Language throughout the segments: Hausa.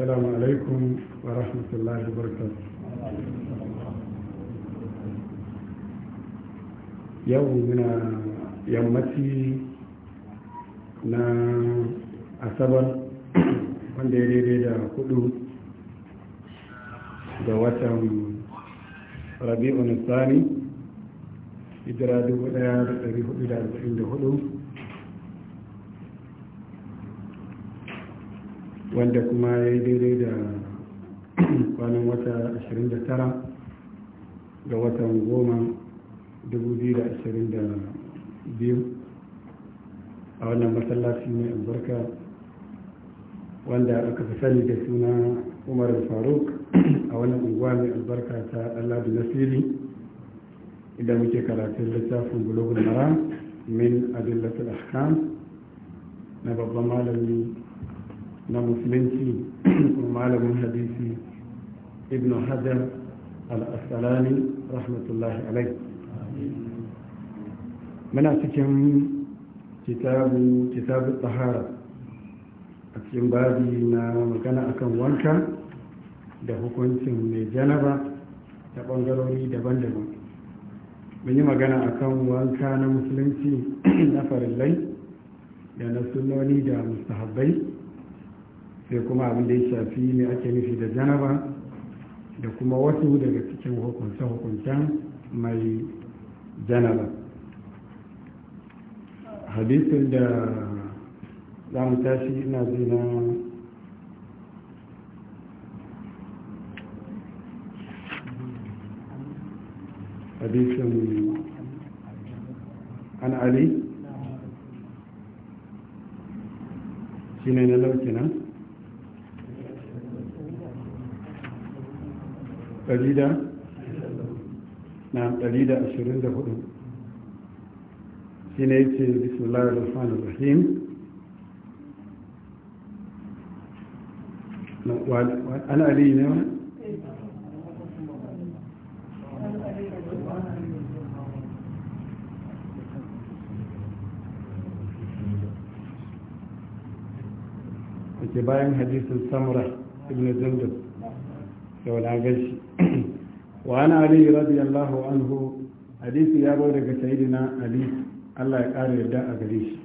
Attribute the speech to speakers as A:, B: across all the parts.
A: السلام عليكم ورحمة الله وبركاته يومنا يمتي na asabar wanda ya daidai da hudu da watan rabi'un sani hijira 1444 wanda kuma ya yi daidai da kwanan wata 29 ga watan goma biyu a wannan masallaci mai albarka wanda aka fi sani da suna umar faruk a wannan unguwa mai albarka ta alladu nasiri idan muke karatun littafin bulogun mara min adillatul ahkam na babban malami na musulunci malamin hadisi ibn hajar al-asalani rahmatullahi alai muna cikin kitabu kitabu tsahara a cikin babi na magana akan wanka da hukuncin mai janaba ta bangarori daban-daban mun yi magana akan wanka na musulunci na farillai da na sunoni da mustahabbai sai kuma abin da ya shafi ne ake nufi da janaba da kuma wasu daga cikin hukunce-hukuncen mai janaba hadisin da za mu tashi ina zina hadisin an ali shi ne na lauki nan تليدا نعم تليدا أشرين دفعون سينيتي بسم الله الرحمن الرحيم أنا علينا ke bayan hadisin samura ibn zindab yau na gashi wa ana ali radiyallahu anhu hadisi ya zo daga sayyidina ali Allah ya kare yadda a gare shi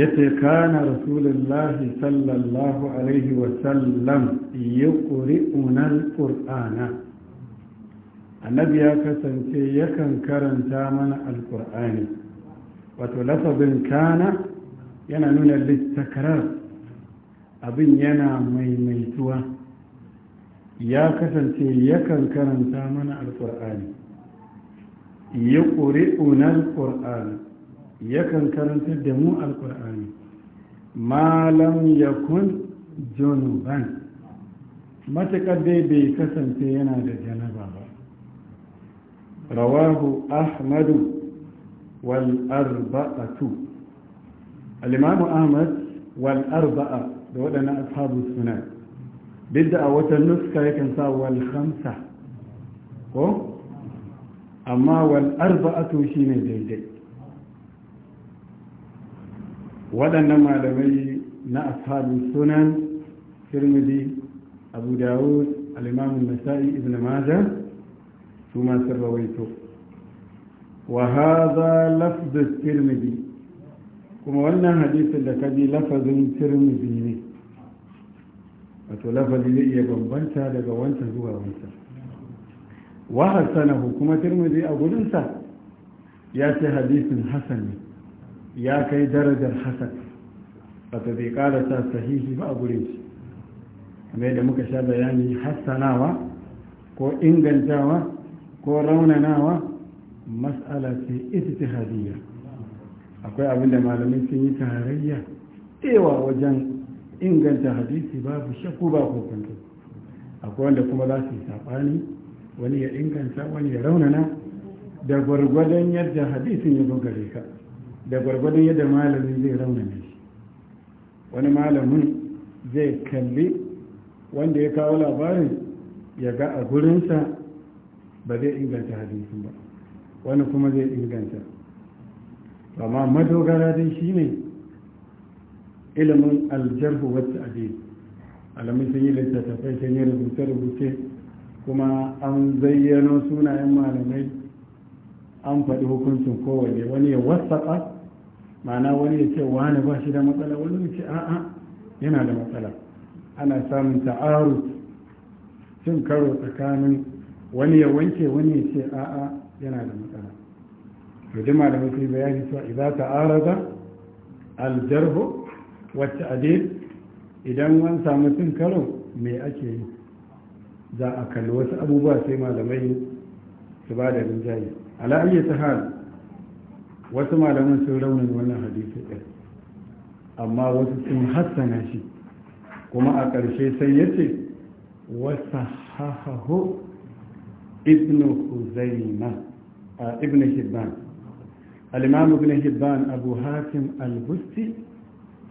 A: yace kana rasulullahi sallallahu alaihi wa sallam yuqri'una alqur'ana annabi ya kasance yakan karanta mana Alƙur'ani. wato lafabin kana yana nuna littakrar abin yana maimaituwa ya kasance yakan karanta mana alkur'ani ya ƙuri unar ƙur'ani yakan karanta da mu alƙur'ani malam ya yakun ban. matuƙar dai bai kasance yana da janaba ba rawahu ahmadu wal arba'atu alimamu ahmad wal arba'a da waɗannan ashabu suna duk da a wata nuska yakan sa wal khamsa ko amma wal shi shine daidai waɗannan malamai na ashabu sunan tirmidhi abu dawud al nasai ibn maja su ma sun rawaito wa hadha lafdh tirmidhi kuma wannan hadisin da kaji lafazin tirmizi ne wato lafazi ne iya bambanta daga wancan zuwa wancan wa hasanahu kuma tirmizi a gudunsa ya ce hadisin hasan ne ya kai darajar hasan wato bai sa sahihi ba a gurin shi kamar da muka sha bayani hassanawa ko ingantawa ko raunanawa mas'ala ce ita hadiyya akwai abin da malamai sun yi tarayya ewa wajen inganta hadisi babu shakku ba kokonto akwai wanda kuma za su yi saɓani wani ya inganta wani ya raunana da gwargwadon yadda hadisin ya zo gare da gwargwadon yadda malamin zai raunana shi wani malamin zai kalli wanda ya kawo labarin ya ga a gurinsa ba zai inganta hadisin ba wani kuma zai inganta amma madogara dai shi ne ilimin aljarhu wacce adi alamun sun yi littattafai sun yi rubuce-rubuce kuma an zayyano sunayen malamai an faɗi hukuncin kowane wani ya wasaɓa ma'ana wani ya ce wani ba shi da matsala wani ya ce a'a yana da matsala ana samun ta'aru cin karo tsakanin wani ya wanke wani ya ce a'a yana da matsala to da malamai sun bayani cewa idza ta'arada al-jarh wa ta'dil idan wan samu cin karo me ake yi za a kalli wasu abubuwa sai malamai su ba da rinjaye ala ayyata hal wasu malaman sun raunin wannan hadisi din amma wasu sun hassana shi kuma a ƙarshe sai yace ce wasa hahahu ibn huzaima a ibnu hibban al-imam hibban abu hatim al-busti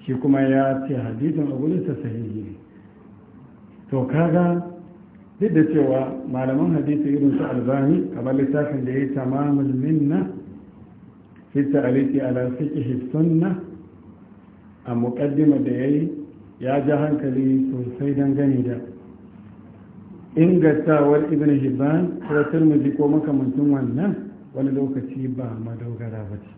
A: shi kuma ya ce hadisin abulin sa sahihi ne to kaga duk da cewa malaman hadisi irin su albani kamar littafin da ya yi tamamul minna fi ta'aliki ala fiqh sunna a muqaddima da yayi ya ja hankali sosai gani da ingantawar ibn hibban ko tirmidhi ko makamantin wannan wani lokaci ba madogara ba ce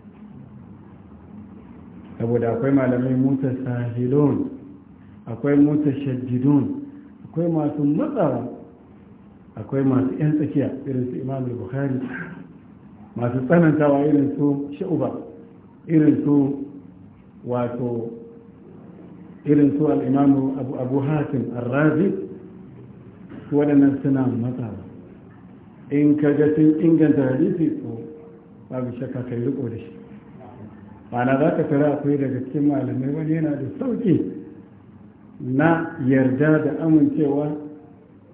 A: saboda akwai malamai mutar sahilon akwai mutar shaddidon akwai masu matsawa akwai masu 'yan tsakiya irin su imam bukhari masu tsanantawa irin su sha'uba irin su wato irin su al'imamu abu hatim arrazi waɗannan suna matsawa in ka ga sun inganta hadisi ko babu shakka kai riko da shi ana za ka tara akwai daga cikin malamai wani yana da sauki na yarda da amincewa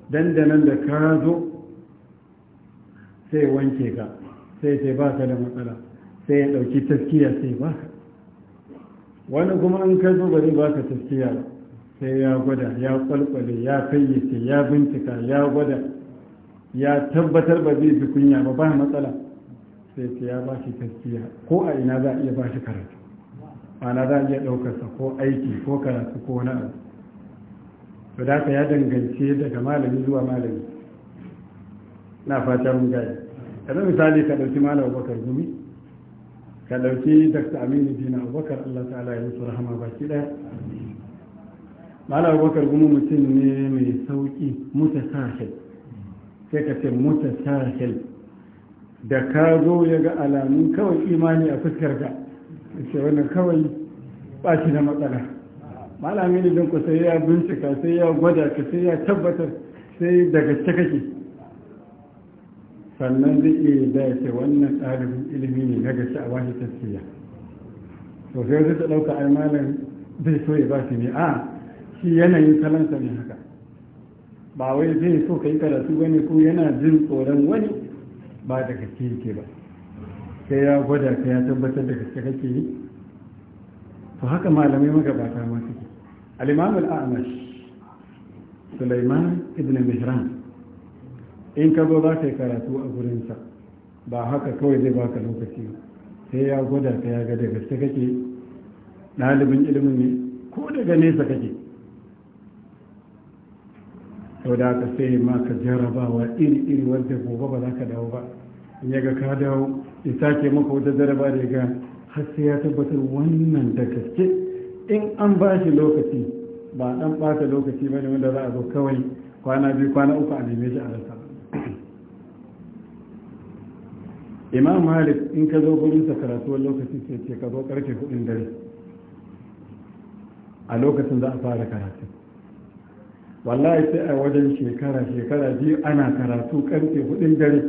A: dandanan da ka zo sai wanke ka sai sai ba ka da matsala sai ya ɗauki taskiya sai ba ka wani kuma an ka zo bari ba ka taskiya sai ya gwada ya kwalkwale ya fayyace ya bincika ya gwada ya tabbatar ba zai bi kunya ba ba matsala sai ce ya ba shi taskiya ko a ina za a iya ba shi karatu ana za a iya ɗaukarsa ko aiki ko karatu ko wani abu to da ya dangance daga malami zuwa malami na fata mun gaya zai misali ka ɗauki malam abubakar gumi ka ɗauki dr aminu dina abubakar allah ta'ala ya musu rahama baki ɗaya malam abubakar gumi mutum ne mai sauƙi mutasahil sai ka ce sahil da ka zo ya ga alamun kawai imani a fuskarka ce wannan kawai ba shi da matsala malami ne don ku sai ya bincika sai ya gwada ka sai ya tabbatar sai daga ta sannan zai iya da ya ce wannan ɗalibin ilimi ne na gashi a wani tafiya to sai zai ta ɗauka ai malam zai so ba shi ne a shi yanayin kalansa ne haka ba wai zai so ka yi karatu wani ko yana jin tsoron wani ba da kake yake ba sai ya gwada ka ya tabbatar da kake kake yi to haka malamai magabata ma suke alimamul amash Sulaiman ibn Mihran in ka zo za ka yi karatu a gurinsa ba haka kawai zai baka lokaci sai ya gwada ka ya ga da gaske kake ɗalibin ilimin ne ko daga nesa kake To da ka sai maka jarabawa iri iri wanda gobe ba za ka dawo ba in ya ga ka dawo ya sake maka wata jaraba da ga har sai ya tabbatar wannan da gaske in an ba shi lokaci ba dan bata lokaci ba ne wanda za a zo kawai kwana biyu kwana uku a neme shi a rasa imam malik in ka zo gurin sa karatuwar lokaci sai ce ka zo karfe hudun dare a lokacin za a fara karatu wallahi sai a wajen shekara shekara biyu ana karatu karfe hudun dare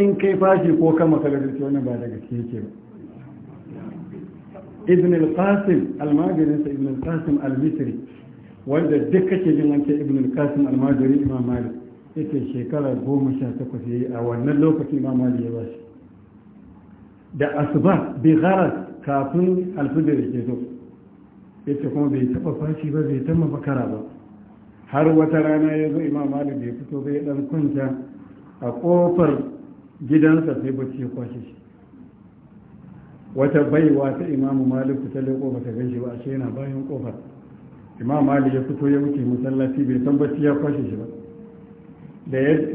A: in kai fashi ko kama kalagarci wani ba daga keke ba ibn al-qasim almajirinsa ibn al-qasim al-misri wanda duk kake jin an ce ibn al-qasim imam malik yake shekara goma sha takwas ya a wannan lokacin imam malik ya ba da asuba bi gharas kafin Al-fajir al-fajr ke zo ita kuma bai taba fashi ba bai taba bakara ba har wata rana ya zo imam malik ya fito bai dan kunta a kofar gidansa sai bacci ya kwashe shi wata baiwa ta imam malik ta leko bata gan shi ba ashe yana bayan kofar imam malik ya fito ya wuce masallaci bai san bacci ya kwashe shi ba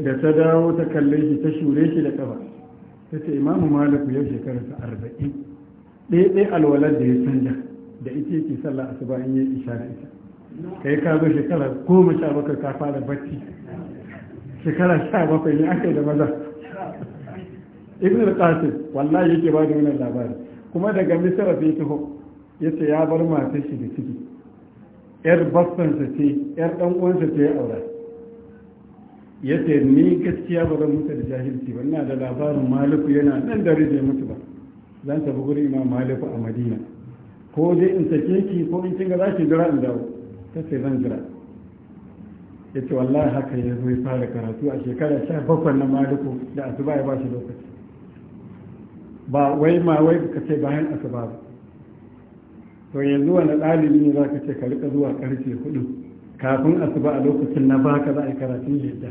A: da ta dawo ta kalle shi ta shure shi da kafa ta ce imamu maliku yau shekararsa arba'in ɗaya ɗaya alwalar da ya canja da ita yake sallah asuba in yi isha da ita kai ka zo shekara goma sha bakwai ka fara bacci shekara sha bakwai ne aka yi da maza ibn al-qasim wallahi yake ba da wannan labari kuma daga misra bai taho yace ya bar matar shi da ciki yar sa ce yar dan uwansa ce ya aura yace ni gaskiya ba zan mutu da jahilci ba ina da labarin maliku yana nan da rije mutu ba zan tafi gurin imam maliku a madina ko dai in sake ki ko in kinga za ki jira in dawo ta ce zan jira ya ce wallahi haka ya zo ya fara karatu a shekara sha bakwai na maliku da asuba ya ba shi lokaci ba wai ma wai ka ce bayan asuba ba to yanzu wani ɗalibi ne za ka ce ka rika zuwa karfe hudu kafin asuba a lokacin na baka za a yi karatun yadda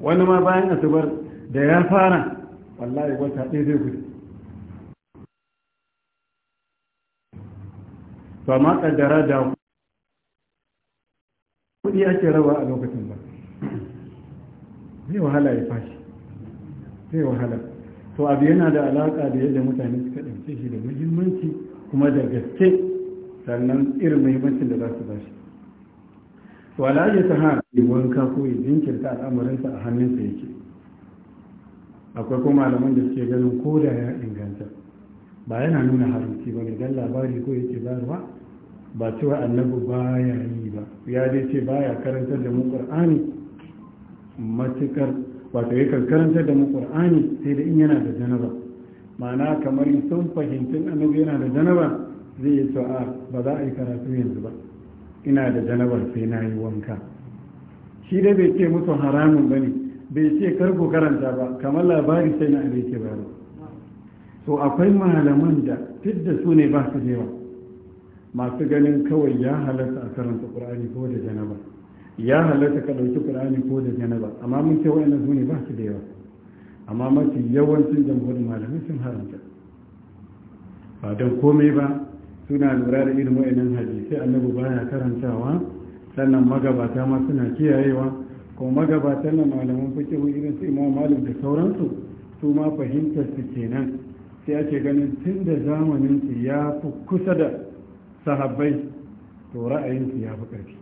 A: wani ma bayan asubar da ya fara wallahi wata ɗaya zai gudu ba ma ƙaddara da kuɗi ake rawa a lokacin ba zai wahala ya fashi zai wahala to abu yana da alaka da yadda mutane suka ɗauke shi da muhimmanci kuma da gaske sannan irin muhimmancin da za su ba shi to alaƙa ta ha wanka ko ya jinkirta al'amuransa a hannunsa yake akwai kuma malaman da suke ganin ko da ya inganta ba yana nuna haramci ba ne don labari ko yake zaruwa. ba cewa annabi baya yi ba ya dai ce baya karantar da mu qur'ani matukar wato yakan karantar da mu qur'ani sai da in yana da janaba ma'ana kamar sun fahimtun annabi yana da janaba zai yi sa'a ah, ba za a yi karatu yanzu ba ina da janabar sai na yi wanka shi dai bai ce musu haramun ne, bai ce kar ku karanta ba kamar labari sai na abin ba so akwai malaman da duk da su ne ba su yawa masu ganin kawai ya halatta a karanta ƙur'ani ko da janaba ya halatta ka ɗauki ƙur'ani ko da janaba amma mun ce wa'annan su ne ba su da yawa amma mafi yawancin jamhurin malamai sun haramta ba don komai ba suna lura da irin wa'annan hadisai annabi baya karantawa sannan magabata ma suna kiyayewa kuma magabatan na malaman fikihu irin su imam malik da sauransu su ma fahimtar su kenan sai ake ganin tun da zamanin su ya fi kusa da sahabbai to ra'ayinsu ya fi ƙarfi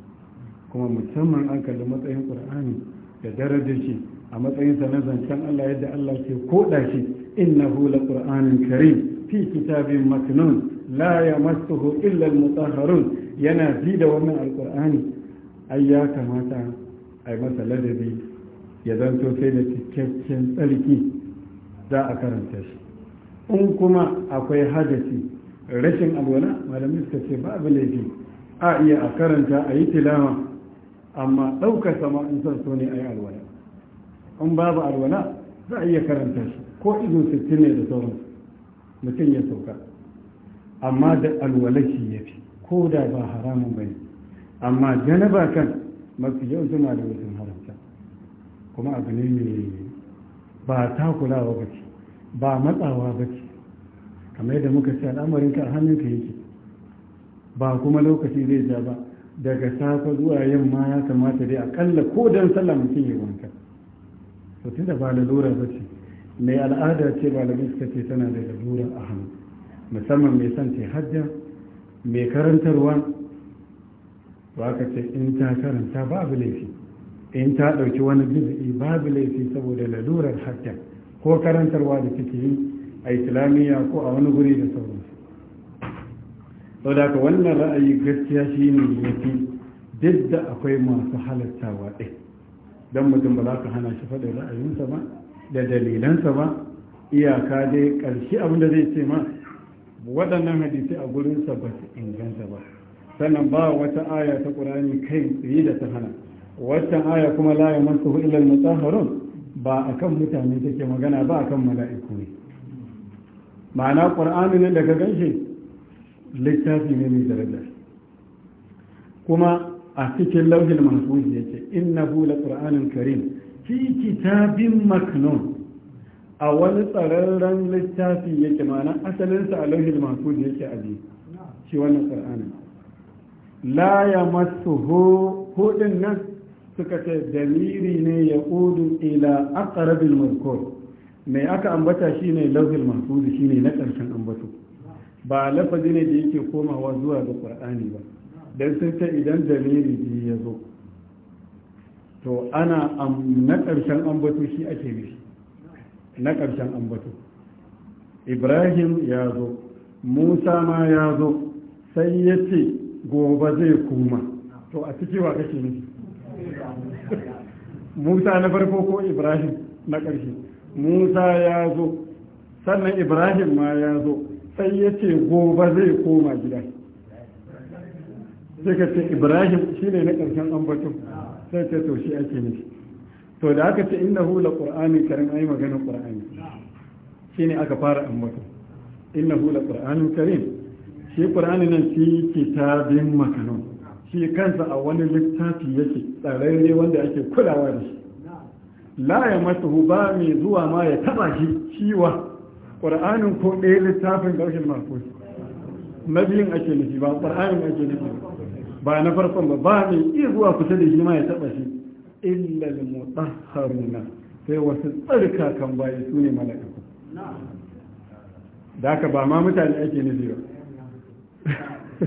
A: kuma musamman an kalli matsayin ƙur'ani da darajar shi a matsayinsa na zancen Allah yadda Allah ke koɗa shi innahu la ƙur'anin karim fi kitabin maknun la yamassuhu illa al-mutahharun yana ji da wannan alqur'ani ai ya kamata ai masa ladabi ya zanto sai da cikakken tsarki za a karanta shi in kuma akwai hadasi rashin alwala malamai suka ce babu laifi a iya a karanta a yi tilawa amma ɗaukar sama in son so ne a yi alwala in babu alwala za a iya karanta shi ko izo sittin ne da sauran mutum ya sauka amma da alwalashi ya fi ko da ba haramun bane ne amma janaba kan mafi yau suna da wasu haramta kuma abu ne mai ba takulawa ba ba matsawa ba ce kamar yadda muka ce ka a hannunka yake ba kuma lokaci zai ja ba daga safa zuwa yamma ya kamata dai akalla ko dan sallah mutum ya wanka to tunda ba lalura ba ce mai al'ada ce ba la suka ce tana da lalura a hannu musamman mai son ce hajja mai karantarwa ba ka ce in ta karanta babu laifi in ta ɗauki wani jiz'i babu laifi saboda lalurar hajja ko karantarwa da kike yi a islamiyya ko a wani guri da sauransu sau da wannan ra'ayi gaskiya shi ne yafi duk da akwai masu halattawa ɗai don mutum ba za ka hana shi faɗin ra'ayinsa ba da dalilansa ba iyaka dai ƙarshe abin da zai ce ma waɗannan hadisi a gurinsa ba su inganta ba sannan ba wata aya ta ƙurani kai tsaye da ta hana wata aya kuma la yamassuhu illa al-mutahharun ba akan mutane take magana ba akan mala'iku ne ma'ana ƙur'ani ne da ka ganshi littafi ne mai daraja kuma a cikin lauhin mahfuz yake inna bula qur'anin karim fi kitabin maknun a wani tsararren littafi yake ma'ana asalinsa a lauhin ce yake abi shi wannan qur'anin la yamassuhu hudin nan suka ce daliri ne ya ila aqrabil mazkur mai aka ambata shine lafzul mahfuz ne na karshen ambato ba lafazi ne da yake komawa zuwa ga qur'ani ba dan sun ce idan dalili ji ya zo to ana na karshen ambato shi ake nufi na karshen ambato ibrahim ya zo musa ma ya zo sai ya ce gobe zai kuma to a ciki wa kake nufi musa na farko ko ibrahim na ƙarshe musa ya zo sannan ibrahim ma ya zo sai ya ce gobe zai koma gida sai ka ce ibrahim shi ne na ƙarshen ambaton sai ce to shi ake nufi to da aka ce inna hula ƙur'ani karin ai maganin ƙur'ani shi ne aka fara ambaton inna hula ƙur'anin karin shi ƙur'ani nan shi kitabin makanon shi kansa a wani littafi yake tsararre wanda ake kulawa da shi la ya matuhu ba mai zuwa ma ya taba shi ciwa ƙwar'anin ko ɗaya littafin ƙarshen mafus na biyun ake nufi ba ƙwar'anin ake nufi ba na farkon ba ba mai iya zuwa kusa da shi ma ya taba shi illal mutahharuna sai wasu tsarka kan bayi su ne mala'iku da haka ba ma mutane ake nufi ba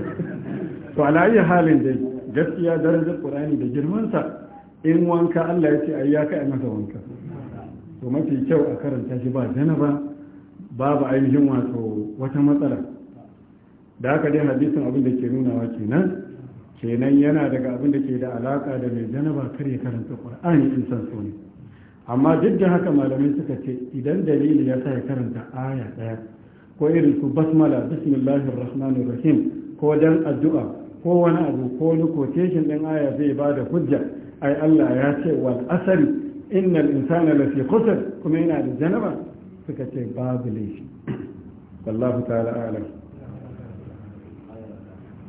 A: to ala halin dai gaskiya darajar ƙur'ani da girmansa in wanka Allah ya ce ai ya kai masa wanka to mafi kyau a karanta shi ba janaba babu ainihin wato wata matsala da haka dai hadisin abin da ke nunawa kenan kenan yana daga abin da ke da alaka da mai janaba kar ya karanta qur'ani in san so ne amma duk da haka malamai suka ce idan dalili ya sa ya karanta aya daya ko irin su basmala bismillahir rahmanir rahim ko dan addu'a ko wani abu ko lokotation din aya zai bada hujja ai Allah ya ce wal asari innal insana lafi khusr kuma yana da janaba suka ce babu laifi wallahu ta'ala alam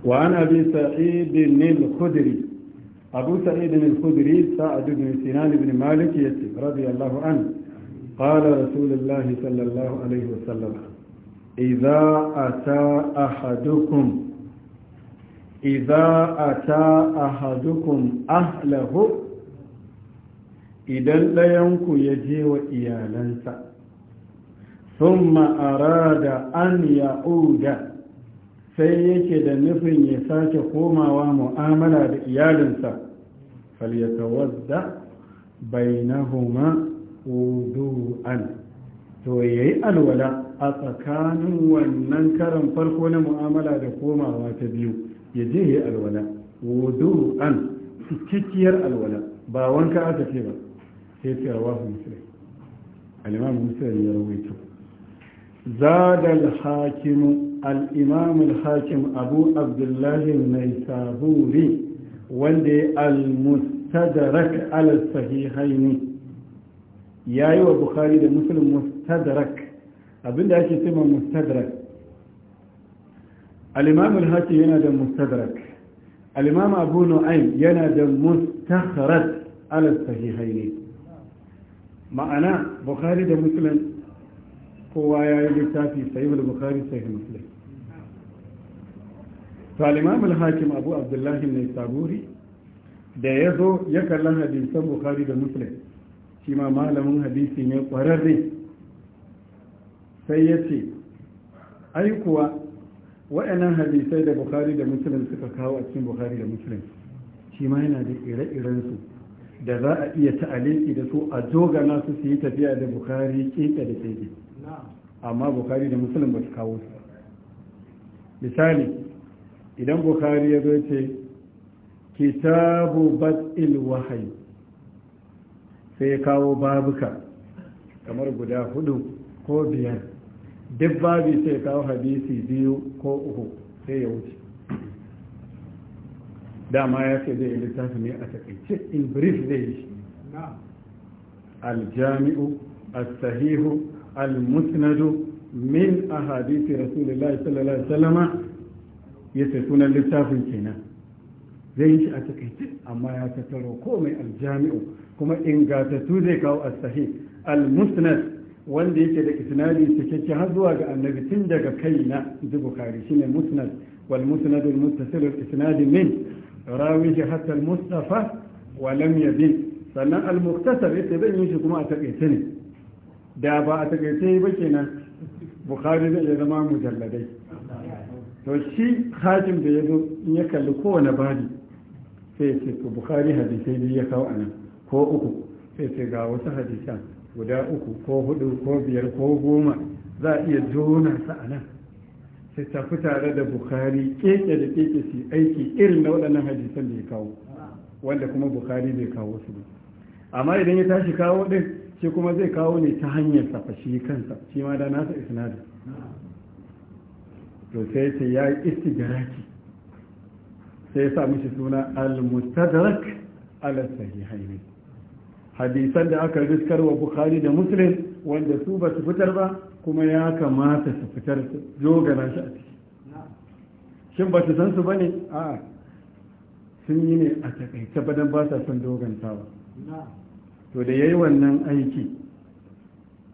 A: wa an abi sa'id al-khudri abu sa'id al-khudri sa'ad ibn sinan bin malik yace radiyallahu anhu قال رسول الله صلى الله عليه وسلم إذا أتى أحدكم ta ata hadukun ahlahu idan ɗayanku ya je wa iyalansa ma'ara da an ya'uda sai yake da nufin ya sake komawa mu'amala da iyalinsa falyatawadda bainahuma wudu'an to yayi alwala a tsakanin wannan karan farko na mu'amala da komawa ta biyu ya je ya alwala wudu an cikakkiyar alwala ba wanka aka ce ba sai ta rawahu muslim al-imam muslim ya rawaito zada al-hakim al-imam al-hakim abu abdullah naisaburi wanda al-mustadrak al-sahihaini yayi wa bukhari da muslim mustadrak abinda ake cewa mustadrak alimamul imam haki yana da mustadrak al-imam abu nu'aym yana da mustakhraj ala sahihaini ma'ana bukhari da muslim kowa ya yi littafi sahih al-bukhari sahih muslim to alimamul imam hakim abu abdullahi ibn saburi da ya zo ya kalla hadisan bukhari da muslim shi ma malamin hadisi ne kwararre sai ya ce ai kuwa wa'annan hadisai da bukhari da musulun suka kawo a cikin bukhari da musulun shi ma yana da ire irensu da za a iya ta'aliki da su a jogana su su yi tafiya da bukhari keke da keke amma bukhari da musulun ba su kawo su misali idan bukari ya zo ce kitabu bat'il wahayi sai ya kawo babuka kamar guda hudu ko biyar duk babi sai kawo hadisi biyu ko uku sai ya wuce dama ya ce zai littafi ne a takaice in brief zai yi aljami'u as-sahihu al-musnadu min ahadisi rasulullah sallallahu alaihi wasallama ce sunan littafin kenan zai yi shi a takaice amma ya tattaro komai aljami'u kuma ingatattu zai kawo as-sahih al-musnad wanda yake da isnadi cikakke har zuwa ga annabi tun daga kaina ji bukari shine musnad wal musnad al muttasil al min rawihi hatta al mustafa wa lam yabin sannan al muktasar yace zan yi shi kuma a takaice ne da ba a takaice ba kenan bukari zai zama mujalladai to shi hajim da ya zo in ya kalli kowane bari sai ce to bukari hadisai biyu ya kawo anan ko uku sai ce ga wasu hadisan guda uku ko hudu ko biyar ko goma za a iya zona sa a nan sai tafi tare da bukhari keke da keke su aiki irin na waɗannan hadisan da ya kawo wanda kuma bukhari bai kawo su ba amma idan ya tashi kawo ɗin shi kuma zai kawo ne ta hanyar safa shi kansa shi ma da nasa isnadin to sai ce ya yi istigaraki sai ya sa mishi suna al-mustadrak ala sahihaini hadisan da aka riskar wa bukhari da muslim wanda su ba su fitar ba kuma ya kamata su fitar dogara shi a ciki shin ba su san su ba ne a sun yi ne a takaice badan ba sa son dogantawa to da ya yi wannan aiki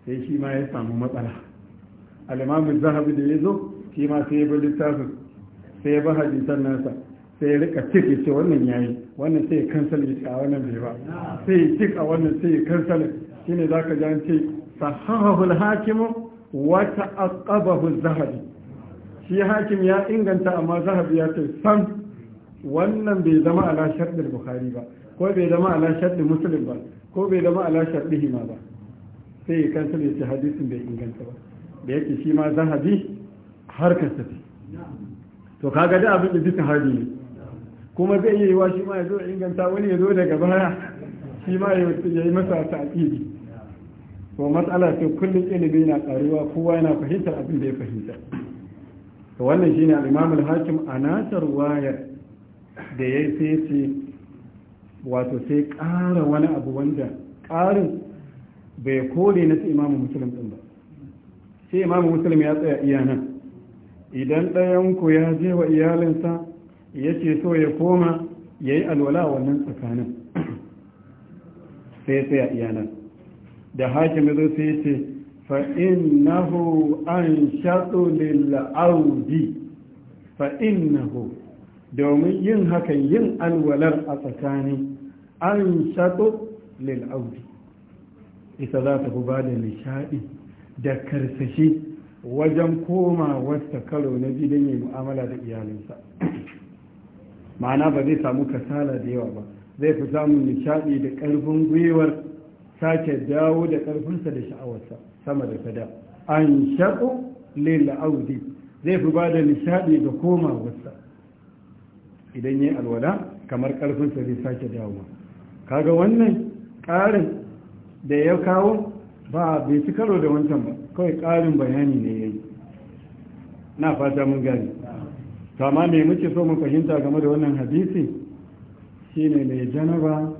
A: sai shi ma ya samu matsala alimamin zahabi da ya zo shi ma sai ya bi littafin sai ya bi hadisan nasa sai ya rika tik ya ce wannan ya yi wannan sai ya cancel ya ce a wannan bai ba sai ya tik a wannan sai ya cancel za ka ji an ce sahahahul hakimu wata wa zahabi shi hakim ya inganta amma zahabi ya ce san wannan bai zama ala sharɗin bukhari ba ko bai zama ala sharɗin musulun ba ko bai zama ala sharɗin hima ba sai ya cancel ya ce hadisin bai inganta ba da yake shi ma zahabi harkar ta ce to kaga da abin da bisa hari ne kuma zai iya wa shi ma ya zo inganta wani ya zo daga baya shi ma ya yi masa ta'kidi to matsala ce kullum ilimi na karuwa kowa yana fahimtar abin da ya fahimta to wannan shine al-Imam al-Hakim a nasar wayar da ya sai ce wato sai ƙara wani abu wanda ƙarin bai kore na imamu musulun ɗin ba sai imamu musulun ya tsaya iya nan idan ɗayan ku ya je wa iyalinsa Yace so ya koma ya yi alwala wannan tsakanin sai tsaya iyanar da hakim zo sai ce fa'innahu an shaɗo lil'audi fa'innahu domin yin hakan yin alwalar a tsakanin an shaɗo lil'audi isa za ta ba da nishaɗi da karsashi wajen koma wasta karo na bidan yi mu'amala da iyalinsa ma'ana ba zai samu kasala da yawa ba zai fi samun nishaɗi da ƙarfin gwiwar sake dawo da ƙarfinsa da sha'awarsa sama da fada an shaƙo lil'audi zai fi ba da nishaɗi ga komawarsa idan yi alwala kamar ƙarfinsa zai sake ba kaga wannan ƙarin da ya kawo ba bai ci karo da wancan ba kawai ƙarin bayani ne ya yi na fata mun gani to amma me muke so mu fahimta game da wannan hadisi shine mai janaba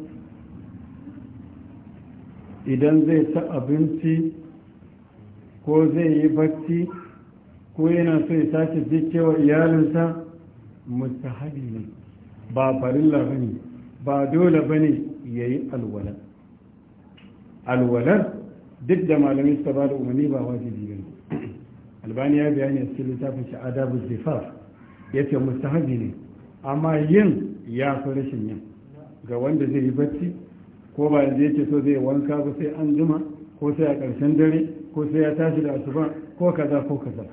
A: idan zai ta abinci ko zai yi bacci ko yana so ya sake zikewa iyalinsa mustahabi ne ba farilla ba ne ba dole ba ne ya yi alwalar alwalar duk da malamai suka ba da umarni ba wajibi albani ya bayani a cikin littafin shi adabu zifar Ya yace mustahabi ne amma yin ya fi rashin yin ga wanda zai yi bacci ko ba yanzu yake so zai wanka ba sai an jima ko sai a ƙarshen dare ko sai ya tashi da asuba ko kaza ko kaza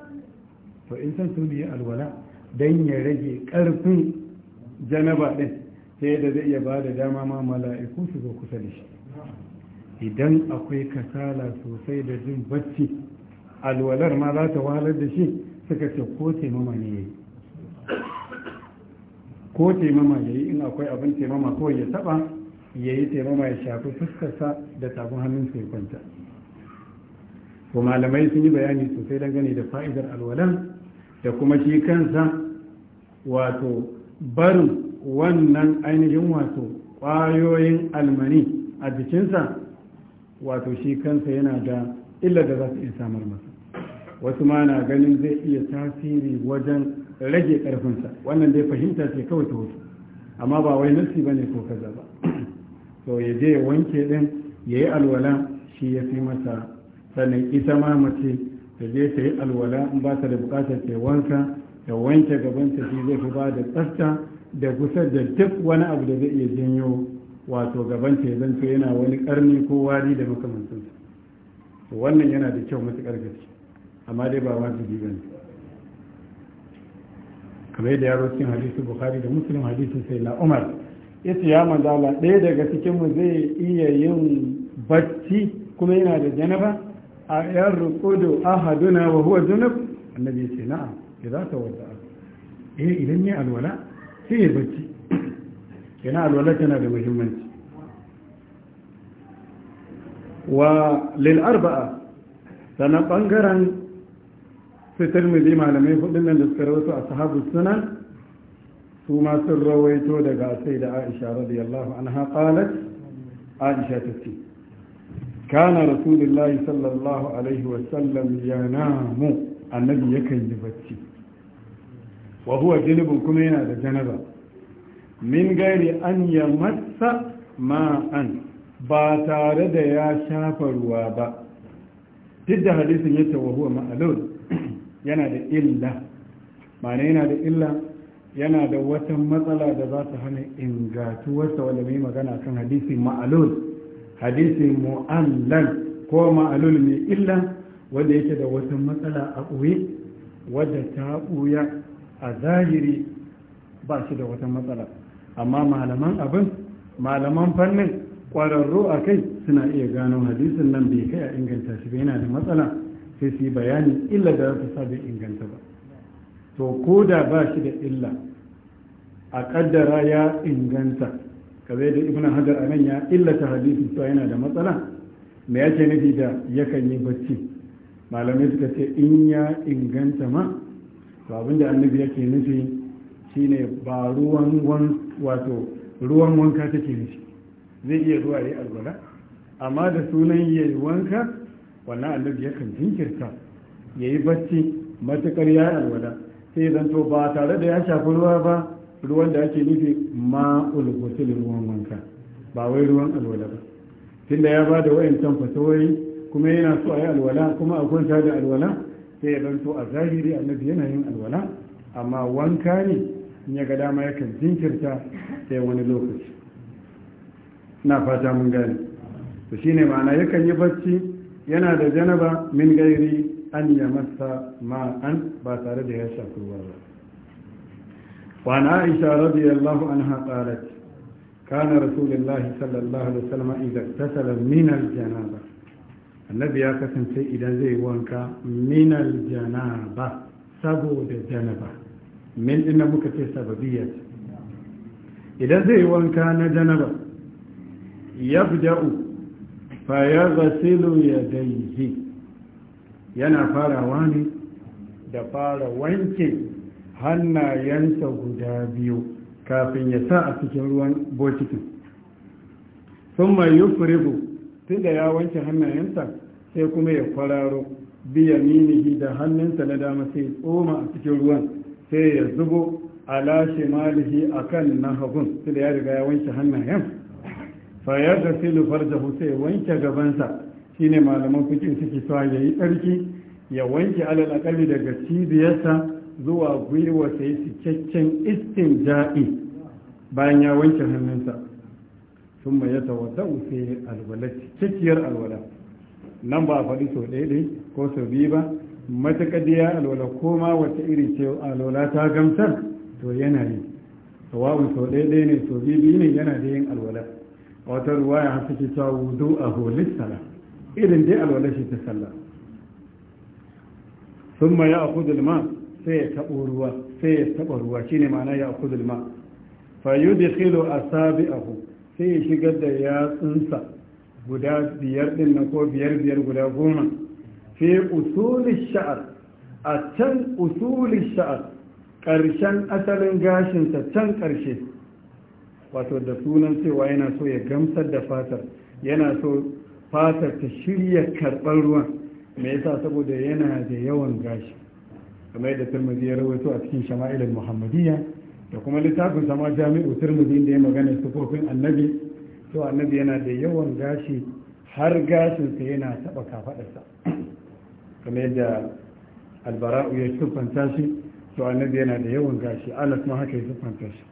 A: to in san su yi alwala dan ya rage ƙarfin janaba ɗin sai da zai iya ba da dama ma mala'iku su zo kusa da
B: shi
A: idan akwai kasala sosai da jin bacci alwalar ma za ta wahalar da shi suka ce ko taimama ne ya yi ko taimama ya yi in akwai abin taimama ko ya taba ya yi taimama ya shafi fuskarsa da tafin hannun ya kwanta ko malamai sun yi bayani sosai dangane da fa'idar alwalan da kuma shi kansa wato barin wannan ainihin wato ƙwayoyin almani a jikinsa wato shi kansa yana da illa da za su iya samar masa wasu ma na ganin zai iya tasiri wajen rage ƙarfinsa wannan dai fahimta ce kawai ta hutu amma ba wai nasi ba ne ko kaza ba to ya je wanke ɗin ya yi alwala shi ya fi masa sannan ita ma mace ta je ta yi alwala in ba ta da buƙatar ta wanka ta wanke gabanta shi zai fi ba da tsafta da kusa da duk wani abu da zai iya janyo wato gabanta ya zanto yana wani karni ko wari da makamantansa wannan yana da kyau matuƙar gaske amma dai ba wajibi ba ne kamar ya zo cikin hadisin bukhari da muslim hadisin sai na umar yace ya mazala ɗaya daga cikin mu zai iya yin bacci kuma yana da janaba a yan rukudu ahaduna wa huwa junub annabi sai na'am idza tawadda eh idan ya alwala sai ya bacci yana alwala tana da muhimmanci wa lil arba'a sannan bangaren sai tirmidhi malamai hudun nan da suka rawaito a sahabu sunan su ma sun rawaito daga sai da aisha radiyallahu anha qalat aisha ta ce kana rasulullahi sallallahu alaihi wa sallam yanamu annabi yakan yi bacci wa huwa junubun kuma yana da janaba min gairi an yamassa ma'an ba tare da ya shafa ruwa ba duk da hadisin yace wa huwa ma'alun yana da illa ma'ana yana da illa yana da wata matsala da za ta hana ingatuwarsa wanda mai magana kan hadisi ma'alul hadisi mu'allal ko ma'alul mai illa wanda yake da wata matsala a ɓoye wadda ta ɓuya a zahiri ba shi da wata matsala amma malaman abin malaman fannin ƙwararru a kai suna iya gano hadisin nan bai kai a inganta shi ba yana da matsala sai su yi bayanin illa da za ta sa bai inganta ba to ko da ba shi da illa a kaddara ya inganta kaza da ibn hajar a nan ya illata hadisi to yana da matsala me yake nufi da yakan yi bacci malamai suka ce in ya inganta ma to abinda annabi yake nufi shine ba ruwan wan wato ruwan wanka take nufi zai iya zuwa yi alwala amma da sunan yayi wanka wannan annabi yakan jinkirta ya yi bacci matuƙar ya alwala sai to ba tare da ya shafi ruwa ba ruwan da ake nufi ma ulgusul ruwan wanka ba wai ruwan alwala ba tunda ya ba da wayancan fasawai kuma yana so a yi alwala kuma a kwanta da alwala sai ya to a zahiri annabi yana yin alwala amma wanka ne in ya ga dama yakan jinkirta sai wani lokaci na fata mun gane to shine ma'ana yakan yi bacci yana da janaba min gairi an ya masa ma'an ba tare da ya shafi ba. Wani Aisha radiyallahu an haƙarar, kana Rasulullahi sallallahu Alaihi wasallam idan ta salar minar janaba, annabi ya kasance idan zai wanka minar janaba saboda janaba, min ina muka ce sababiyar. Idan zai yi wanka na janaba, ya fi ya yadayhi yana farawa ne da fara wanke hannayensa guda biyu kafin ya sa a cikin ruwan bokiti, sun mai yufuribu tun da ya wanke hannayensa sai kuma ya kwararo biya ninihi da hannunsa na dama sai tsoma a cikin ruwan sai ya zubo a ala shimalihi akan na hagun tun da ya riga ya wanke hannayen fa ya gasilu farjahu sai wanke gabansa shine malaman fikin suke ya yi tsarki ya wanke alal daga cibiyarsa zuwa gwiwa sai cikakken jai bayan ya wanke hannunsa thumma yatawaddau sai alwala cikiyar alwala nan ba a faɗi sau ɗaya ko sau biyu ba matakadiya alwala ko ma wata iri ce alwala ta gamsar to yana yi tawawun sau ɗaya ne sau biyu biyu ne yana da yin alwala a wata ruwaya har take cewa wudu a holis sala irin dai alwala shi ta sallah sun ma ya akudul sai ya taɓo ruwa sai ya taɓa ruwa ne ma'ana ya akudul ma a yudkhilu asabi'ahu sai ya shigar da yatsunsa guda biyar din na ko biyar biyar guda goma fi usulish sha'ar a can usuli sha'ar ƙarshen asalin gashinsa can ƙarshe wato da sunan cewa yana so ya gamsar da fatar yana so fatar ta shirya karɓar ruwan me yasa saboda yana da yawan gashi kamar yadda turmuzi ya rawaito a cikin shama'ilin muhammadiyya da kuma littafin sama jami'u turmuzi da ya magana sufofin annabi to annabi yana da yawan gashi har gashinsa yana taɓa kafaɗarsa kamar yadda albara'u ya siffanta shi to annabi yana da yawan gashi alas ma haka ya siffanta shi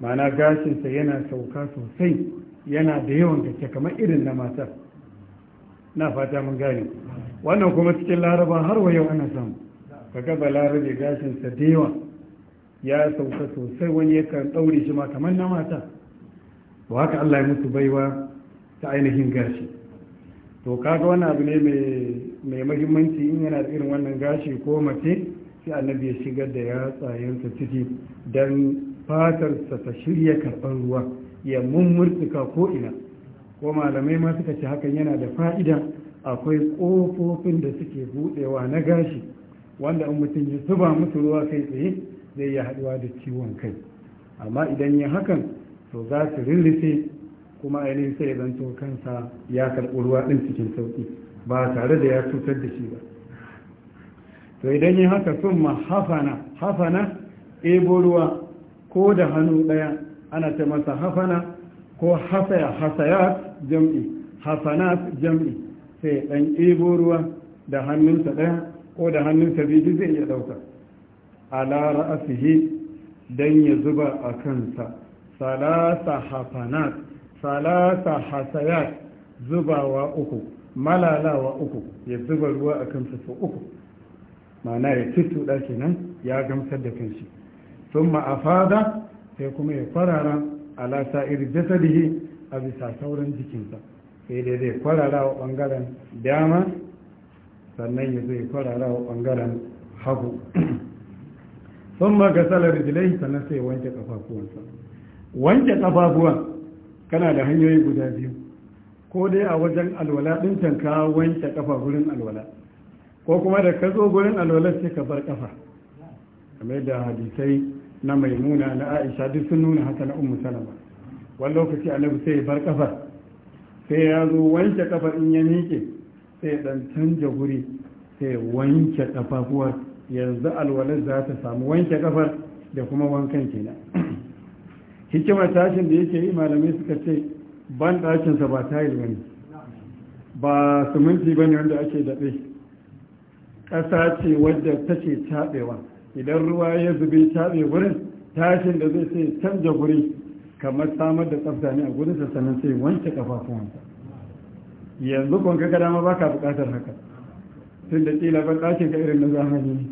A: ma'ana gashinsa yana sauka sosai yana da yawan gaske kamar irin na mata na fata mun gane wannan kuma cikin laraba har wa yau ana samu kaga ba larabe gashinsa da yawa ya sauka sosai wani yakan ɗaure shi ma kamar na mata to haka Allah ya mutu baiwa ta ainihin gashi to kaga wani abu ne mai mahimmanci in yana da irin wannan gashi ko mace sai annabi ya shigar da yatsayensa ciki dan. fatarsa ta shirya karɓar ruwa ya mummurtuka ko ina ko malamai ma suka ce hakan yana da fa'ida akwai ƙofofin da suke buɗewa na gashi wanda an mutum ya zuba musu ruwa kai tsaye zai iya haɗuwa da ciwon kai amma idan ya hakan to za su rirrife kuma ainihin sai zanto kansa ya karɓi ruwa ɗin cikin sauƙi ba tare da ya cutar da shi ba to idan ya haka sun ma hafana hafana ebo ruwa ko da hannu ɗaya ana ce masa hafana ko hasaya hasayat jam'i hasanat jam'i sai ɗan ibo ruwa da hannunsa ɗaya ko da hannunsa biyu zai iya ɗauka ala ra'asihi dan ya zuba a kansa salasa hafanat salasa hasayat zubawa uku malalawa uku ya zuba ruwa a kansa sau uku ma'ana ya cutu kenan ya gamsar da kanshi sun ma'afada sai kuma ya سائر ala أبي ساسورا a bisa sauran jikinsa sai داما zai wa ɓangaren dama sannan ya رجليه فنسي wa ɓangaren hagu sun ma على هنيو rijilai sannan sai wanke ƙafafuwansa wanke kana da ko dai a wajen alwala ɗin ka wanke ƙafa gurin alwala ko kuma da ka zo gurin alwalar sai ka bar ƙafa kamar da hadisai na maimuna na aisha duk sun nuna haka na umu salama wani lokaci annabi sai bar kafar sai ya zo wanke kafar in ya miƙe sai dan canja guri sai wanke kafafuwar yanzu alwalar za ta samu wanke kafar da kuma wankan kenan hikimar tashin da yake yi malamai suka ce ban ɗakinsa ba tayil bane ba suminti bane wanda ake daɗe ƙasa ce wadda ta ce taɓewa idan ruwa ya zube taɓe wurin tashin da zai sai canja guri kamar samar da tsafta ne a gurin sassanin sai wanke kafafuwansa yanzu kun ka dama ba ka buƙatar haka tun da ƙila ban ɗakin ka irin na zamani ne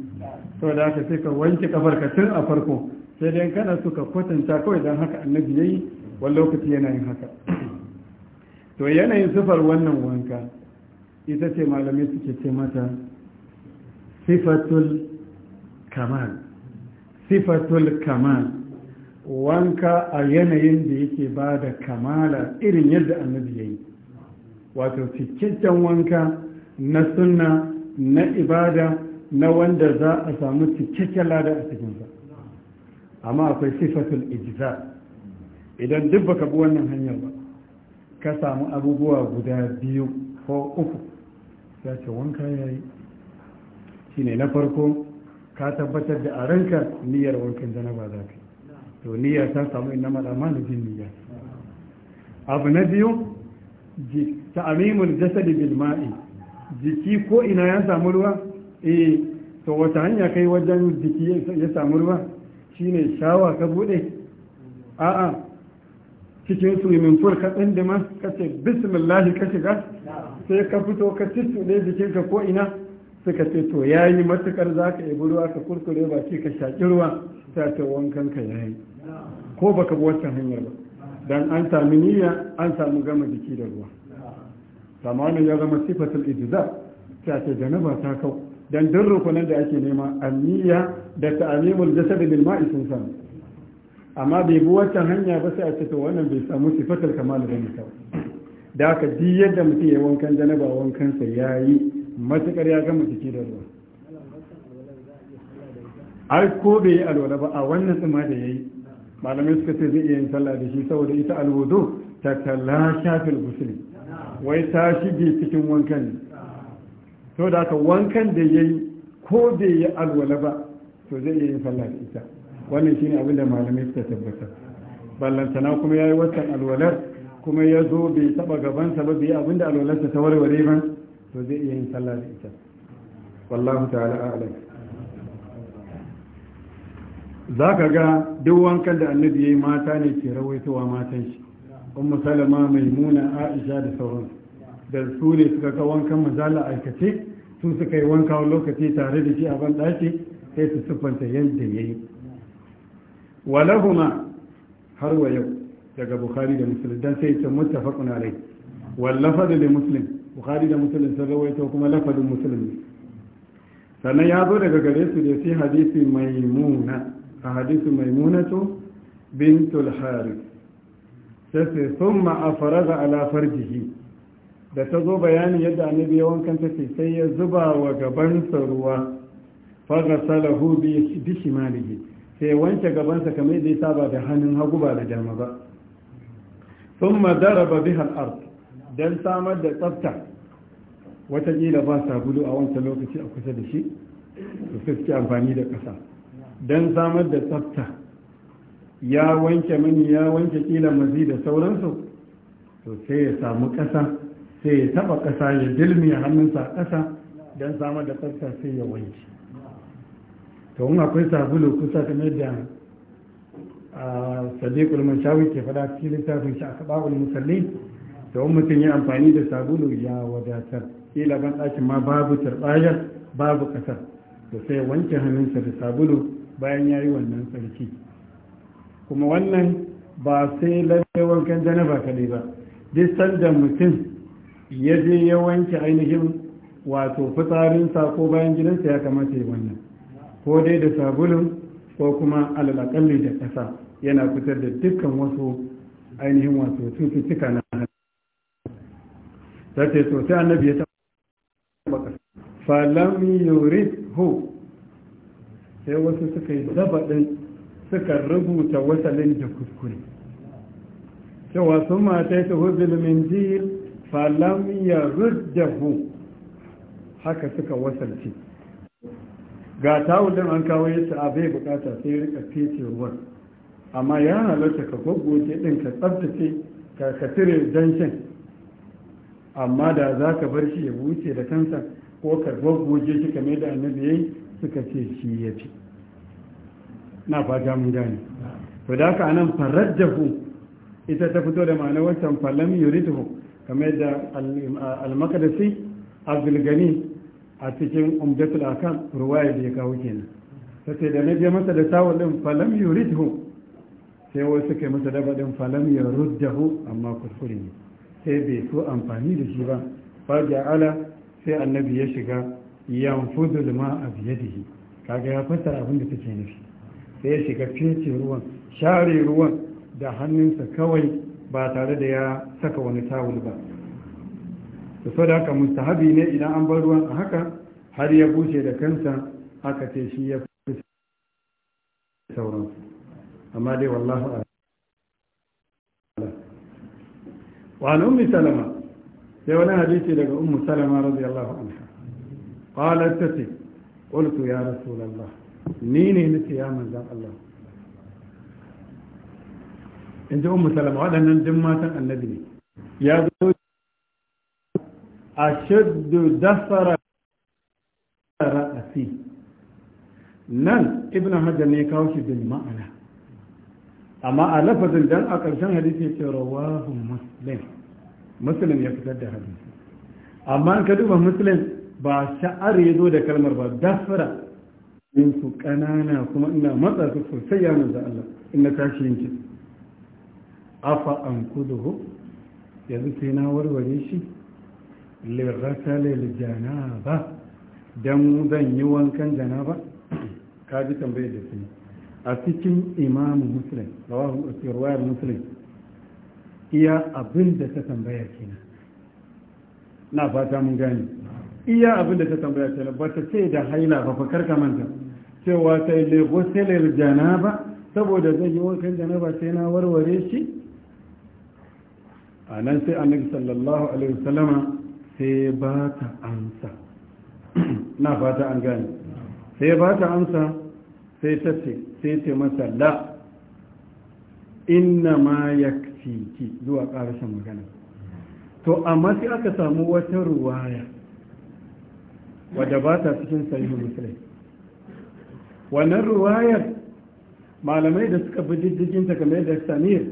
A: sau da haka sai ka wanke kafar ka tun a farko sai dai kana so ka kwatanta kawai don haka annabi ya yi wani lokaci yana yin haka to yanayin sifar wannan wanka ita ce malamai suke ce mata sifatul kamal sifatul kamal wanka a yanayin da yake ba da kamala irin yadda annabi ya yi wato cikakken wanka na sunna na ibada na wanda za a samu cikakken lada a cikinsa amma akwai sifatul ijza idan duk baka bi wannan hanyar ba ka samu abubuwa guda biyu ko uku za ce wanka ya yi shi ne na farko ka tabbatar da a ranka niyyar wankan janaba za ka to niyyar ta samu inna malama na jin niyya abu na biyu ta'amimul jasadi bil ma'i jiki ko ina ya samu ruwa eh to wata hanya kai wajen jiki ya samu ruwa shine shawa ka bude a'a cikin swimming pool ka tsindima ka ce bismillah ka shiga sai ka fito ka ne jikinka ko ina suka ce to ya yi matukar za ka ibi ruwa ka kurkure ba ce ka shaƙi ruwa ta ce wankan ka ya yi ko baka bi wancan hanyar ba dan an sami niyya an samu gama jiki da ruwa tamamin ya zama sifatul ijza ta ce janaba ta kau dan duk rukunan da ake nema anniya da ta'amimul jasad bil ma'i sun san amma bai bi wancan hanya ba sai a ce to wannan bai samu sifatul kamal da ni kau da haka duk yadda mutum ya wankan janaba wankan sa yayi matuƙar ya gama cikin da ruwa ai ko bai yi alwala ba a wannan tsima da ya yi malamai suka ce zai iya yin sallah da shi saboda ita alwudu ta kalla shafil gusul wai ta shige cikin wankan ne to da haka wankan da ya yi ko bai yi alwala ba to zai iya yin sallah da ita wannan shine abin da malamai suka tabbata ballantana kuma ya yi watan alwalar kuma ya zo bai taba gabansa ba bai abin da alwalarsa ta warware ba to zai iya yin sallah da ita wallahu ta'ala a'lam za ga duk wankan da annabi ya mata ne ke rawaitowa matan shi ummu salama maimuna aisha da sauran da su ne suka ga wankan mazala aikace su suka yi wanka lokaci tare da shi a ban daki sai su sufanta yadda yayi yi walahuma har wa yau daga bukhari da muslim dan sai ce muttafaqun alai wallafa da muslim bukhari da musulun sun rawaito kuma lafadin musulun sannan ya zo daga gare su da sai hadisi maimuna a hadisi maimunatu bintul harith sai sai summa ga ala farjihi da ta zo bayanin yadda annabi ya wankan ta ce sai ya zuba wa gabansa ruwa faga salahu bi shimalihi sai wanke sa kamar yadda ya saba da hannun hagu ba da dama ba ma daraba biha al don samar da tsafta watakila ba sabulu a wancan lokaci a kusa da shi to suke amfani da ƙasa don samar da tsafta ya wanke mani ya wanke kila mazi da sauransu to sai ya samu ƙasa sai ya taba ƙasa ya dilmi hannunsa a ƙasa don samar da tsafta sai ya wanke to in akwai sabulu kusa kamar da a ah, sadiqul mashawi ke fada cikin littafin shi a kaba'ul musallin da mutum yi amfani da sabulu ya wadatar kila ban ɗakin ma babu turɓayar babu ƙasar da sai wanke hannunsa da sabulu bayan ya yi wannan tsarki kuma wannan ba sai lalle wankan janaba kaɗai ba duk sanda mutum ya je ya wanke ainihin wato fitsarinsa ko bayan gidansa ya kamata ya wannan ko dai da sabulu ko kuma alalakalli da ƙasa yana fitar da dukkan wasu ainihin wato cututtuka na ta so sai annabi ya taɓa falam sai wasu suka yi zabaɗin suka rubuta wasalin da kuskure cewa sun matai ta huzul min jil falam yaruddahu haka suka wasalci ga tawulin an kawo yace a bai bukata sai rika fice ruwan amma ya halarta ka goggoce din ka tsabtace ka ka tire amma da za ka bar shi ya buce da kansa ko ka goje shi kamar da annabi yayi suka ce shi ya fi na fata mun gane to da haka anan farajjahu ita ta fito da ma'ana wancan falam yuridhu kamar da al-maqdisi abdul gani a cikin umdatul akan ruwaya da ya kawo kenan sai da na je masa da tawul din falam yuridhu sai wasu kai masa daba din falam yurdahu amma kuskure ne sai bai so amfani da shi ba ala sai annabi ya shiga yanfudu lima a shi kaga ya fassara abin da take nufi sai ya shiga fece ruwan share ruwan da hannunsa kawai ba tare da ya saka wani tawul ba da so da haka mustahabi ne idan an bar ruwan a haka har ya bushe da kansa aka ce shi ya fi sauransu amma dai wallahu wa an ummi salama sai wani hadisi daga ummu salama radiyallahu anha qalat tati qultu ya rasulullah ni ne nace ya manzon Allah in ji ummu salama waɗannan duk matan annabi ne ya zo ashaddu dasara ra'asi nan ibnu hajar ne kawo shi bil ma'ana amma a lafazin dan a ƙarshen hadisi ce rawahu muslim muslim ya fitar da hadisi amma ka duba muslim ba sha'ar ya zo da kalmar ba dafara in su ƙanana kuma ina matsa su sosai ya manzo Allah in na tashi yin ki afa an kuduhu yanzu sai na warware shi lirratale janaba dan zan yi wankan jana ba. ka ji tambayar da su a cikin imamu muslim rawahu ruwayar muslim iya abin da ta tambaya kenan na fata mun gane iya abin da ta tambaya kenan ba ta ce da haila ba fakar ka manta cewa ta yi jana janaba saboda zai yi jana janaba sai na warware shi a nan sai annabi sallallahu alaihi wasallama sai ba ta amsa na fata an gane sai ba ta amsa sai ta ce sai ce masa la inna ma ya ki zuwa ƙarashin magana to amma sai aka samu wata ruwaya wadda ba ta cikin sahihu muslim wannan ruwayar malamai da suka bi diddigin ta kamar da samir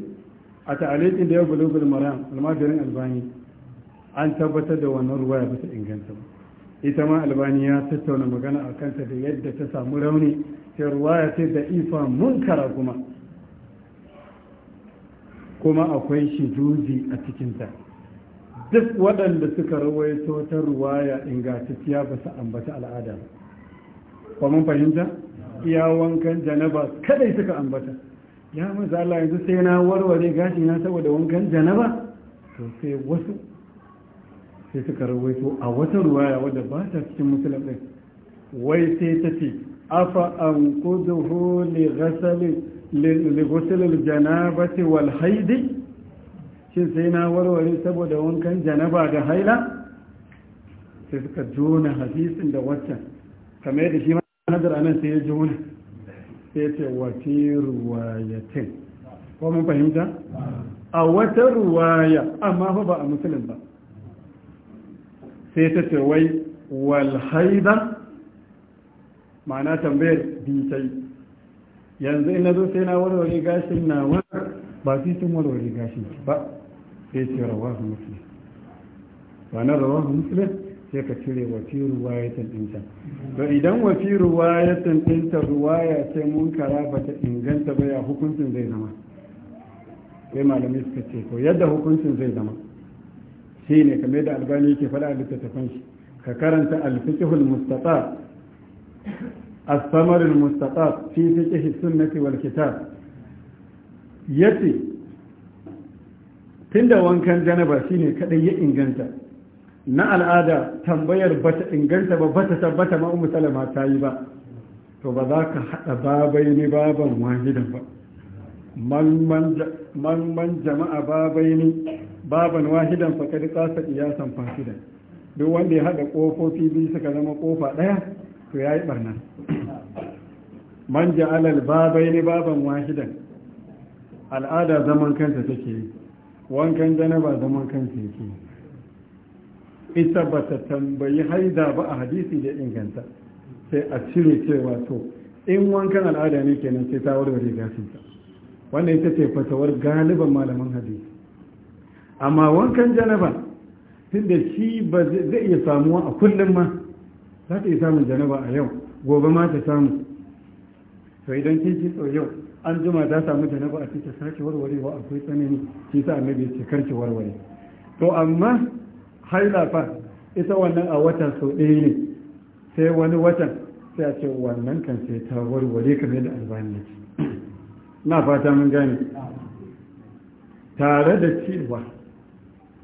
A: a ta'alikin da ya bulugul maram almajirin albani an tabbatar da wannan ruwaya ba ta inganta ba ita ma albani ya tattauna magana a kanta da yadda ta samu rauni sai ruwaya sai da ifa munkara kuma kuma akwai juji a cikinta duk waɗanda suka rawaito ta ruwaya ingantacciya ba su ambata al'ada
B: ba kuma fahimta
A: iya wankan janaba kadai suka ambata ya maza Allah yanzu sai na warware gashi na saboda wankan janaba to sai wasu sai suka rawaito a wata ruwaya wadda ba ta cikin musulun ɗin wai sai ta ce Afa an أفأنقذه لغسل لغسل wal haidi. shin sai na warware saboda wankan janaba da haila sai suka jona hadisin da waccan kamar yadda shi manazar a nan sai ya jona sai ya ce wace ruwayatin ko mun fahimta a wata ruwaya amma fa ba a musulun ba sai ta ce wai wal haida ma'ana tambayar biyu yanzu ina zo sai na warware gashin na wani ba su sun warware gashin ki ba sai ce rawahu muslim ba na rawahu muslim sai ka cire wa fi ya tantanta to idan wa fi tantanta ruwa ruwaya ce mun kara ba ta inganta ba ya hukuncin zai zama sai malamai suka ce ko yadda hukuncin zai zama shi ne kamar da albani yake faɗa a littattafan shi ka karanta alfiqhul mustafa الثمر المستطاب في فقه السنة والكتاب yace tunda wankan janaba shine kaɗai ya inganta na al'ada tambayar bata inganta ba bata tabbata ma ta yi ba to ba za ka hada babai ni baban wahidan ba man jama'a baban wahidan fa kad qasa qiyasan fasidan duk wanda ya haɗa kofofi biyu suka zama kofa daya to ya yi barna man alal babai ne baban wahidan al'ada zaman kanta take yi wankan janaba zaman kanta yake ita ba ta tambayi haida ba a hadisi da inganta sai a cire cewa to in wankan al'ada ne kenan sai ta warware ta wannan ita ce fatawar galiban malaman hadisi amma wankan janaba tunda shi ba zai iya samuwa a kullum ma za ta yi samun janaba a yau gobe ma ta samu to idan kin ci yau an juma ta samu janaba a cikin warware warwarewa akwai tsanani shi sa annabi ya ce karki warware to amma haila fa ita wannan a watan sau ɗaya ne sai wani watan sai a ce wannan kan sai ta warware kamar da albani ya na fata mun gane tare da cewa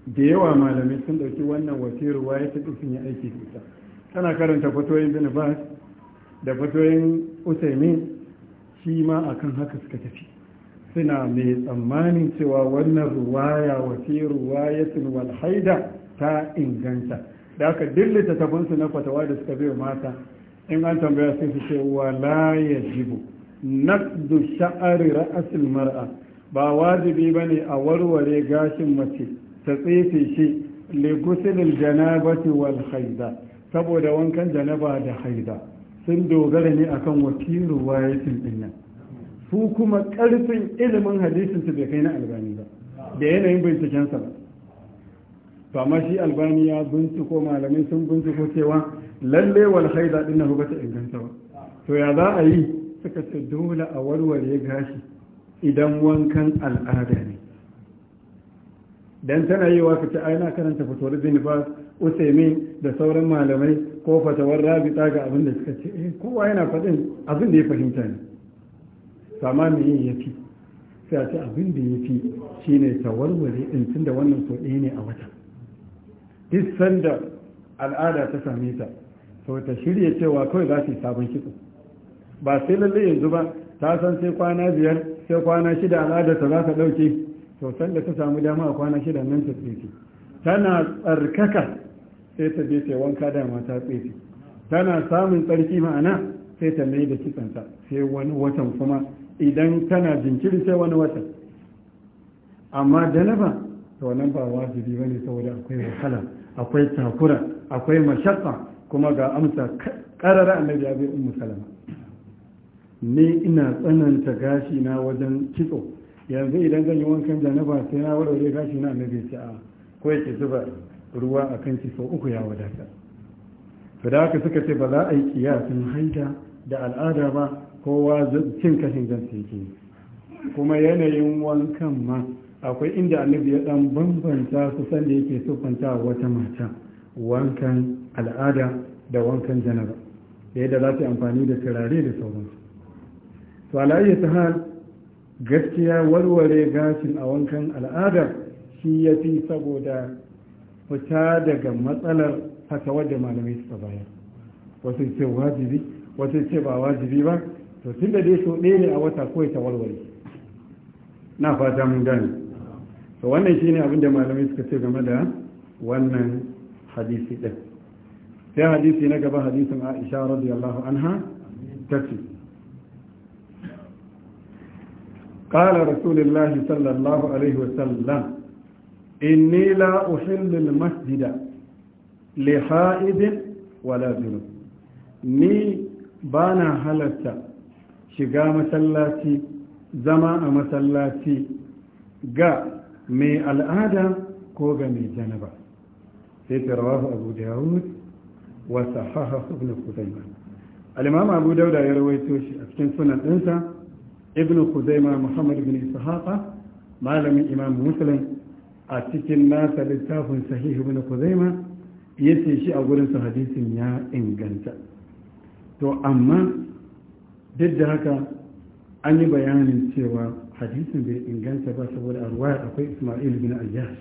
A: da yawa malamai sun ɗauki wannan wasiruwa ya ta sun ya aiki da Tana karanta fatoyin bin bas da fatoyin usaimin shi ma akan haka suka tafi suna mai tsammanin cewa wannan ruwaya wafi ruwayatin walhaida ta inganta da aka dillita tafinsu na fatawa da suka biyo mata in an tambaya sai su ce wala ya jibo nafdu sha'ari ra'asil mar'a ba wajibi ba ne a warware gashin mace ta tsefe shi li gusilil janabati wal haida saboda wankan janaba da haida sun dogara ne akan wakilu ruwayatin din nan su kuma karfin ilimin hadisin bai kai na albani ba da yanayin bincikensa ba to amma shi albani ya binciko malamai sun binciko cewa lalle wal haida din nan ba inganta ba to ya za a yi suka ce dole a warware gashi idan wankan al'ada ne dan tana yi wa ce ai na karanta fatawar zinifas usaimi da sauran malamai ko fatawar rabita ga abin da suka ce eh, kowa yana faɗin abin da ya fahimta ne sama me yin ya fi sai a ce abin da ya fi shi ne tawarware ɗin tun da wannan so ɗaya ne a wata duk sanda al'ada ta same ta sau ta shirya cewa kawai za su yi sabon kitso ba sai lalle yanzu ba ta san sai kwana biyar sai kwana shida al'adar ta za ta ɗauke to sanda ta samu dama a kwana shida nan ta tsinci tana tsarkaka sai ta je ta wanka da mata tsefi tana samun tsarki ma'ana sai ta mai da kitsanta sai wani watan kuma idan tana jinkiri sai wani watan amma janaba to wani ba wajibi bane saboda akwai wahala akwai takura akwai mashaqqa kuma ga amsa karara annabi ya bai ummu salama ni ina tsananta gashi na wajen kitso yanzu idan zan yi wankan janaba sai na warware gashi na annabi sai a ko yake zuba ruwa a kan kanki sau uku ya wadata to da haka suka ce ba za a yi kiyasin haida da al'ada ba kowa cin kashin kansa yake kuma yanayin wankan ma akwai inda annabi ya dan bambanta su sanda yake siffanta wata mata wankan al'ada da wankan janaba da yadda za ta amfani da turare da sauransu to ala'ayyar ta hal gaskiya warware gashin a wankan al'adar shi ya fi saboda fita daga matsalar haka da malamai suka bayar wasu ce wajibi wasu ce ba wajibi ba to tun da dai so ɗaya ne a wata kawai ta walwale na fata mun gane to wannan shine abin da malamai suka ce game da wannan hadisi ɗin sai hadisi na gaba hadisin aisha radiyallahu anha ta ce قال رسول الله صلى الله عليه وسلم inni la uhillul masjida li ha'idin wala junub ni bana halarta shiga masallaci zama a masallaci ga mai al'ada ko ga mai janaba sai tarawahu abu dawud wa sahaha ibn khuzaimah al-imam abu dauda ya rawaito shi a cikin sunan ɗinsa ibn khuzaimah muhammad ibn ishaqa malamin imam muslim a cikin nasa littafin sahih ibn kuzaima ya ce shi a gurinsa hadisin ya inganta to amma duk da haka an yi bayanin cewa hadisin bai inganta ba saboda a ruwaya akwai ismail bin ayyash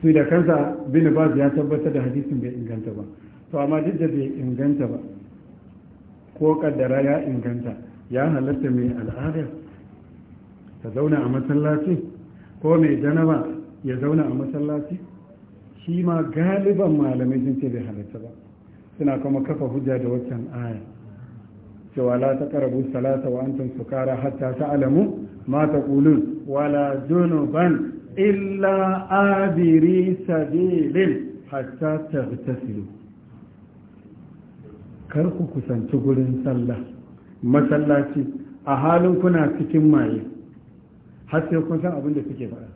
A: su da kansa bin baz ya tabbatar da hadisin bai inganta ba to amma duk da bai inganta ba ko kaddara ya inganta ya halatta mai al'ada ta zauna a masallaci ko mai janaba ya zauna a masallaci shi ma galiban malamai sun ce bai halatta ba suna kuma kafa hujja da waccan aya cewa la karabu salata wa antum sukara hatta ta'lamu ma taqulun wala junuban illa abiri sabilin hatta taghtasilu kar ku kusanci gurin sallah masallaci a halin kuna cikin maye har sai kun san abin da suke faɗa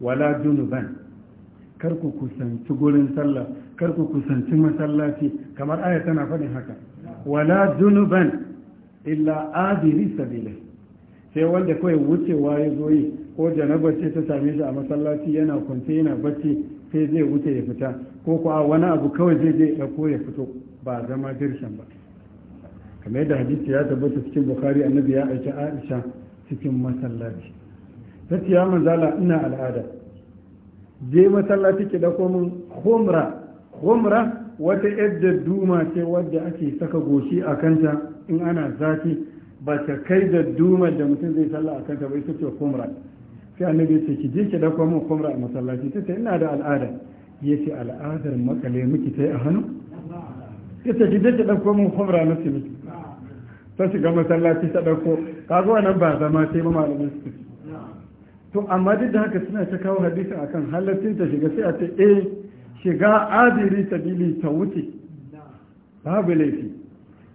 A: wala junuban kar ku kusanci gurin sallah kar ku kusanci masallaci kamar aya tana faɗin haka wala junuban illa adiri sabila sai wanda kawai wucewa ya zo yi ko janabar ce ta same shi a masallaci yana kwance yana bacci sai zai wuce ya fita ko kuwa wani abu kawai zai zai ɗauko ya fito ba zama dirshan ba kamar yadda hadisi ya tabbata cikin bukari annabi ya aiki aisha cikin masallaci ta ce ya manzala ina al'ada je masallaci ki ɗauko min humra humra wata yadda duma ce wadda ake saka goshi a kanta in ana zafi ba ta kai da duma da mutum zai sallah a kanta bai ita ce humra sai annabi ce ki je ki ɗauko min humra a masallaci ta ce ina da al'ada ya ce al'adar makale miki ta yi a hannu ya ce ki je ki ɗauko min humra na simiti ta shiga masallaci ta ɗauko kaga wannan ba zama sai ma malamin su to amma duk da haka suna ta kawo hadisi akan halaccin ta shiga sai a ce eh shiga adiri sabili ta wuce babu laifi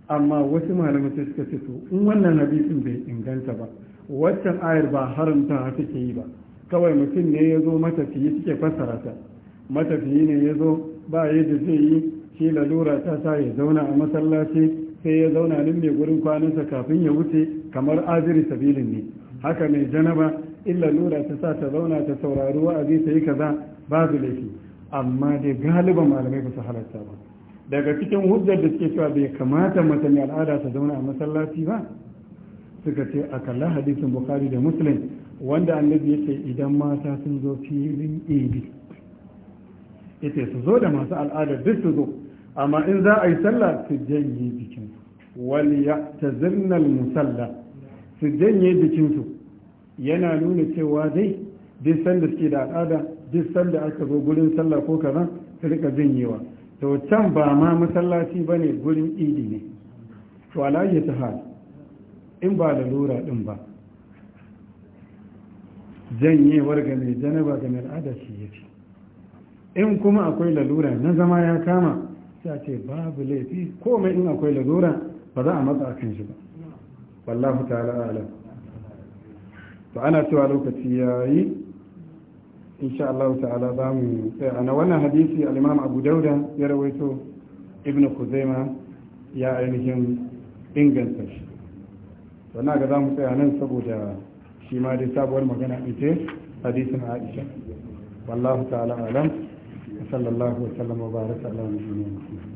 A: amma wasu malamai sai suka ce to in wannan hadisin bai inganta ba waccan ayar ba haramta take yi ba kawai mutum ne ya zo matafiyi suke fassara ta matafiyi ne ya zo ba yadda zai yi shi lalura ta sa ya zauna a masallaci sai ya zauna nan mai gurin kwanansa kafin ya wuce kamar aziri sabilin ne haka mai janaba illa lura ta sa ta zauna ta a wa'azi ta yi kaza babu laifi amma dai galiban malamai ba su halarta ba daga cikin hujjar da suke cewa bai kamata mace mai al'ada ta zauna a masallaci ba suka ce a kalla hadisin bukari da muslim wanda annabi ya ce idan mata sun zo filin idi ita su zo da masu al'ada duk su zo amma in za a yi sallah su janye jikinsu ya ta zirnar musalla su janye jikinsu yana nuna cewa dai duk sanda suke da al'ada duk sanda aka zo gurin sallah ko kaza su rika janyewa to can ba ma masallaci ba ne gurin idi ne to alayya ta hal in ba lalura din ba janyewar ga mai janaba ga mai al'ada shi ya ce in kuma akwai lalura na zama ya kama sai ce babu laifi komai in akwai lalura ba za a matsa kan shi ba wallahu ta'ala alam to ana cewa lokaci yayi insha Allah ta'ala za mu tsaya ana wannan hadisi al-Imam Abu Dauda ya rawaito Ibn Kuzaima ya ainihin inganta shi to na ga za mu tsaya nan saboda shi ma dai sabuwar magana ita hadisin Aisha wallahu
B: ta'ala alam sallallahu alaihi wa sallam wa baraka